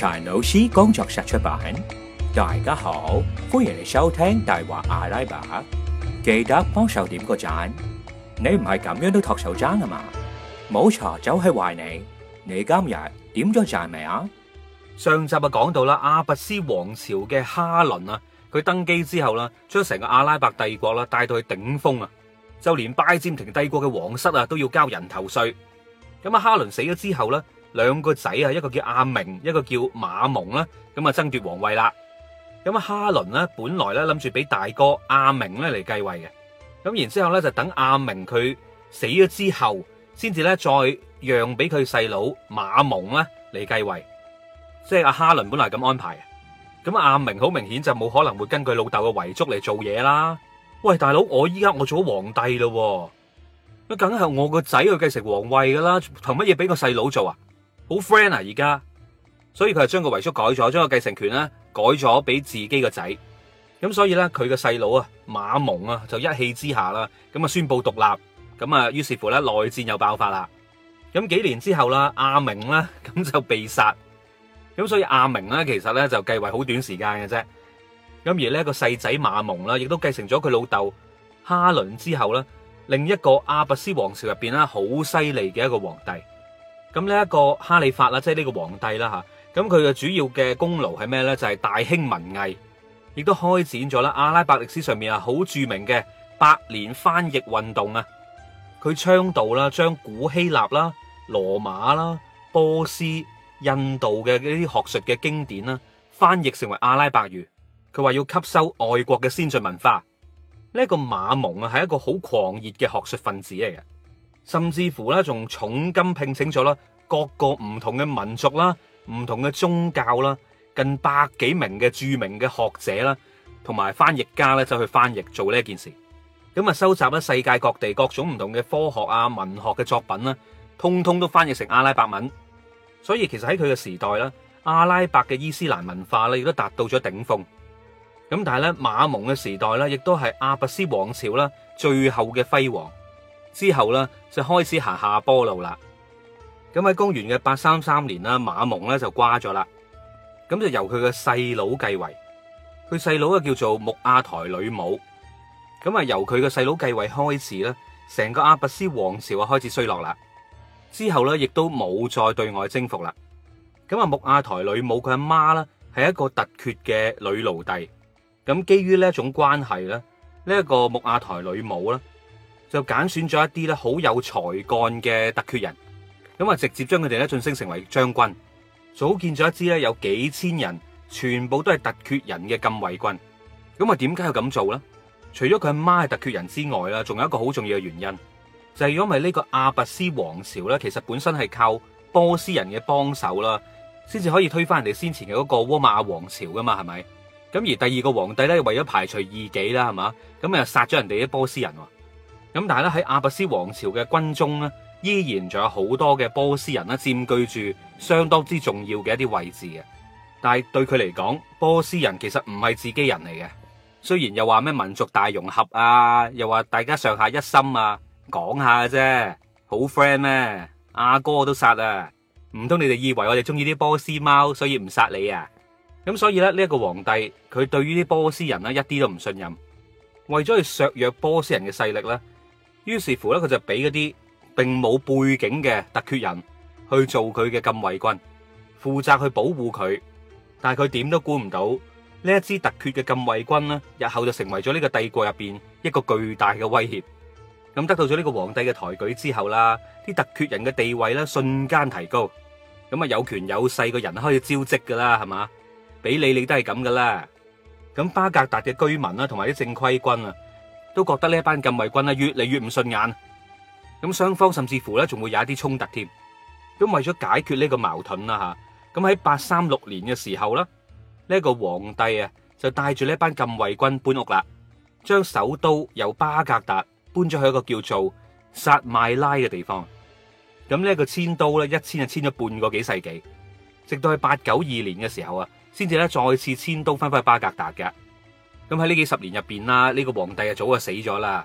柴老師，工作室出版。大家好，歡迎嚟收聽《大話阿拉伯》。記得幫手點個贊，你唔係咁樣都托手踭啊嘛？冇錯，就係壞你。你今日點咗贊未啊？上集啊講到啦，阿拔斯王朝嘅哈倫啊，佢登基之後啦，將成個阿拉伯帝國啦帶到去頂峰啊，就連拜占庭帝國嘅皇室啊都要交人頭稅。咁啊，哈倫死咗之後咧。兩個仔啊，一個叫阿明，一個叫馬蒙啦，咁啊爭奪皇位啦。咁啊哈倫咧，本來咧諗住俾大哥阿明咧嚟繼位嘅，咁然之後咧就等阿明佢死咗之後，先至咧再讓俾佢細佬馬蒙咧嚟繼位，即係阿哈倫本來係咁安排嘅。咁阿明好明顯就冇可能會跟佢老豆嘅遺囑嚟做嘢啦。喂，大佬，我依家我做咗皇帝啦，梗係我個仔去繼承皇位噶啦，憑乜嘢俾個細佬做啊？好 friend 啊！而家，所以佢係將個遺囑改咗，將個繼承權咧改咗俾自己個仔。咁所以咧，佢個細佬啊，馬蒙啊，就一氣之下啦，咁啊宣布獨立。咁啊，於是乎咧，內戰又爆發啦。咁幾年之後啦，阿明啦，咁就被殺。咁所以阿明咧，其實咧就繼位好短時間嘅啫。咁而呢個細仔馬蒙啦，亦都繼承咗佢老豆哈倫之後咧，另一個阿拔斯王朝入邊咧，好犀利嘅一個皇帝。咁呢一個哈利法啦，即係呢個皇帝啦吓，咁佢嘅主要嘅功勞係咩咧？就係大興文藝，亦都開展咗啦阿拉伯歷史上面啊好著名嘅百年翻譯運動啊。佢倡導啦，將古希臘啦、羅馬啦、波斯、印度嘅呢啲學術嘅經典啦，翻譯成為阿拉伯語。佢話要吸收外國嘅先進文化。呢個馬蒙啊，係一個好狂熱嘅學術分子嚟嘅。甚至乎咧，仲重金聘請咗啦各個唔同嘅民族啦、唔同嘅宗教啦，近百幾名嘅著名嘅學者啦，同埋翻譯家咧，就去翻譯做呢一件事。咁啊，收集咧世界各地各種唔同嘅科學啊、文學嘅作品啦，通通都翻譯成阿拉伯文。所以其實喺佢嘅時代咧，阿拉伯嘅伊斯蘭文化咧，亦都達到咗頂峰。咁但係咧，馬蒙嘅時代咧，亦都係阿拔斯王朝啦最後嘅輝煌。之後咧就開始行下坡路啦。咁喺公元嘅八三三年啦，馬蒙咧就瓜咗啦。咁就由佢嘅細佬繼位，佢細佬啊叫做穆阿台女母。咁啊由佢嘅細佬繼位開始咧，成個阿拔斯王朝啊開始衰落啦。之後咧亦都冇再對外征服啦。咁啊穆阿台女母佢阿媽呢係一個突厥嘅女奴隸。咁基於呢一種關係咧，呢一個穆阿台女母咧。就揀選咗一啲咧，好有才幹嘅突厥人，咁啊直接將佢哋咧晉升成為將軍，組建咗一支咧有幾千人，全部都係突厥人嘅禁衛軍。咁啊，點解要咁做咧？除咗佢阿媽係突厥人之外啦，仲有一個好重要嘅原因，就係、是、因為呢個阿拔斯王朝咧，其實本身係靠波斯人嘅幫手啦，先至可以推翻人哋先前嘅嗰個倭馬亞王朝噶嘛，係咪？咁而第二個皇帝咧，為咗排除異己啦，係嘛？咁啊殺咗人哋啲波斯人喎。咁但係咧，喺阿拔斯王朝嘅軍中呢，依然仲有好多嘅波斯人呢，佔據住相當之重要嘅一啲位置嘅。但係對佢嚟講，波斯人其實唔係自己人嚟嘅。雖然又話咩民族大融合啊，又話大家上下一心啊，講下啫，好 friend 咩？阿哥都殺啊，唔通你哋以為我哋中意啲波斯貓，所以唔殺你啊？咁所以咧呢一個皇帝，佢對於啲波斯人呢一啲都唔信任，為咗去削弱波斯人嘅勢力咧。於是乎咧，佢就俾嗰啲並冇背景嘅突厥人去做佢嘅禁衛軍，負責去保護佢。但係佢點都估唔到呢一支突厥嘅禁衛軍咧，日後就成為咗呢個帝國入邊一個巨大嘅威脅。咁得到咗呢個皇帝嘅抬舉之後啦，啲突厥人嘅地位咧瞬間提高，咁啊有權有勢嘅人開始招積噶啦，係嘛？俾你你都係咁噶啦。咁巴格達嘅居民啦，同埋啲正規軍啊，都覺得呢一班禁衛軍越嚟越唔順眼，咁雙方甚至乎咧仲會有一啲衝突添。咁為咗解決呢個矛盾啦吓，咁喺八三六年嘅時候呢個皇帝啊就帶住呢一班禁衛軍搬屋啦，將首都由巴格達搬咗去一個叫做薩邁拉嘅地方。咁呢個遷都咧，一遷就遷咗半個幾世紀，直到喺八九二年嘅時候啊，先至咧再次遷都翻翻去巴格達嘅。咁喺呢幾十年入面啦，呢個皇帝啊早就死咗啦。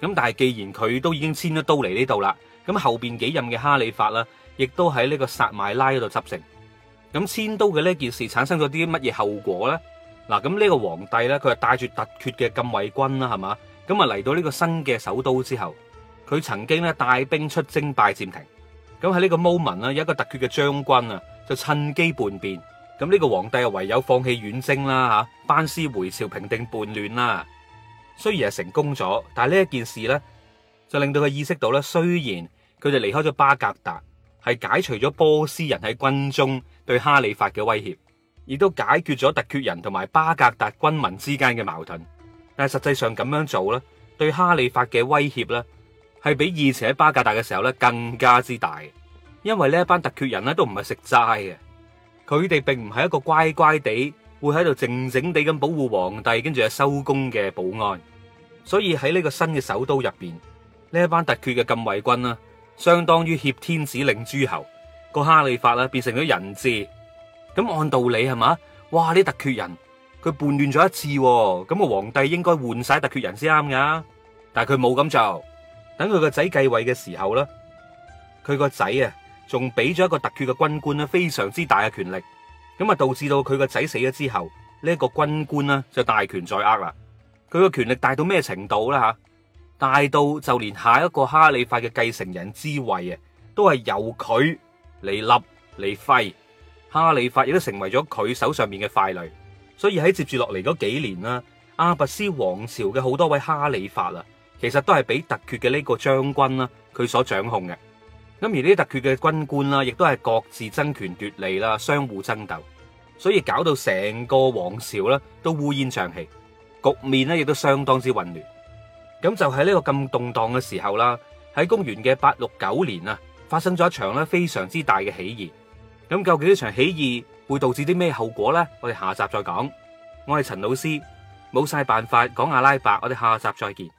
咁但係既然佢都已經遷咗都嚟呢度啦，咁後面幾任嘅哈里發啦，亦都喺呢個薩邁拉嗰度執政。咁遷都嘅呢件事產生咗啲乜嘢後果咧？嗱，咁呢個皇帝咧，佢係帶住突厥嘅禁衛軍啦，係嘛？咁啊嚟到呢個新嘅首都之後，佢曾經咧帶兵出征拜占庭。咁喺呢個 moment 啦，有一個突厥嘅將軍啊，就趁機叛變。咁呢個皇帝啊，唯有放棄遠征啦，吓，班師回朝平定叛亂啦。雖然係成功咗，但係呢一件事呢，就令到佢意識到咧，雖然佢哋離開咗巴格達，係解除咗波斯人喺軍中對哈里發嘅威脅，亦都解決咗突厥人同埋巴格達軍民之間嘅矛盾。但係實際上咁樣做咧，對哈里發嘅威脅咧，係比以前喺巴格達嘅時候咧更加之大，因為呢一班突厥人咧都唔係食齋嘅。佢哋並唔係一個乖乖地會喺度靜靜地咁保護皇帝，跟住又收工嘅保安，所以喺呢個新嘅首都入邊，呢一班突厥嘅禁衛軍啦，相當於挾天子令諸侯，個哈里發啦變成咗人質。咁按道理係嘛？哇！啲突厥人佢叛亂咗一次，咁個皇帝應該換晒突厥人先啱噶，但係佢冇咁做，等佢個仔繼位嘅時候啦，佢個仔啊。仲俾咗一個突厥嘅軍官咧，非常之大嘅權力，咁啊導致到佢個仔死咗之後，呢一個軍官呢就大權在握啦。佢個權力大到咩程度咧？吓，大到就連下一個哈里發嘅繼承人之位啊，都係由佢嚟立嚟廢。哈里發亦都成為咗佢手上面嘅傀儡。所以喺接住落嚟嗰幾年啦，阿拔斯王朝嘅好多位哈里發啊，其實都係俾突厥嘅呢個將軍啦，佢所掌控嘅。咁而呢啲突厥嘅軍官啦，亦都係各自爭權奪利啦，相互爭鬥，所以搞到成個王朝咧都烏煙瘴氣，局面咧亦都相當之混亂。咁就喺呢個咁動盪嘅時候啦，喺公元嘅八六九年啊，發生咗一場咧非常之大嘅起義。咁究竟呢場起義會導致啲咩後果呢？我哋下集再講。我係陳老師，冇晒辦法講阿拉伯，我哋下集再見。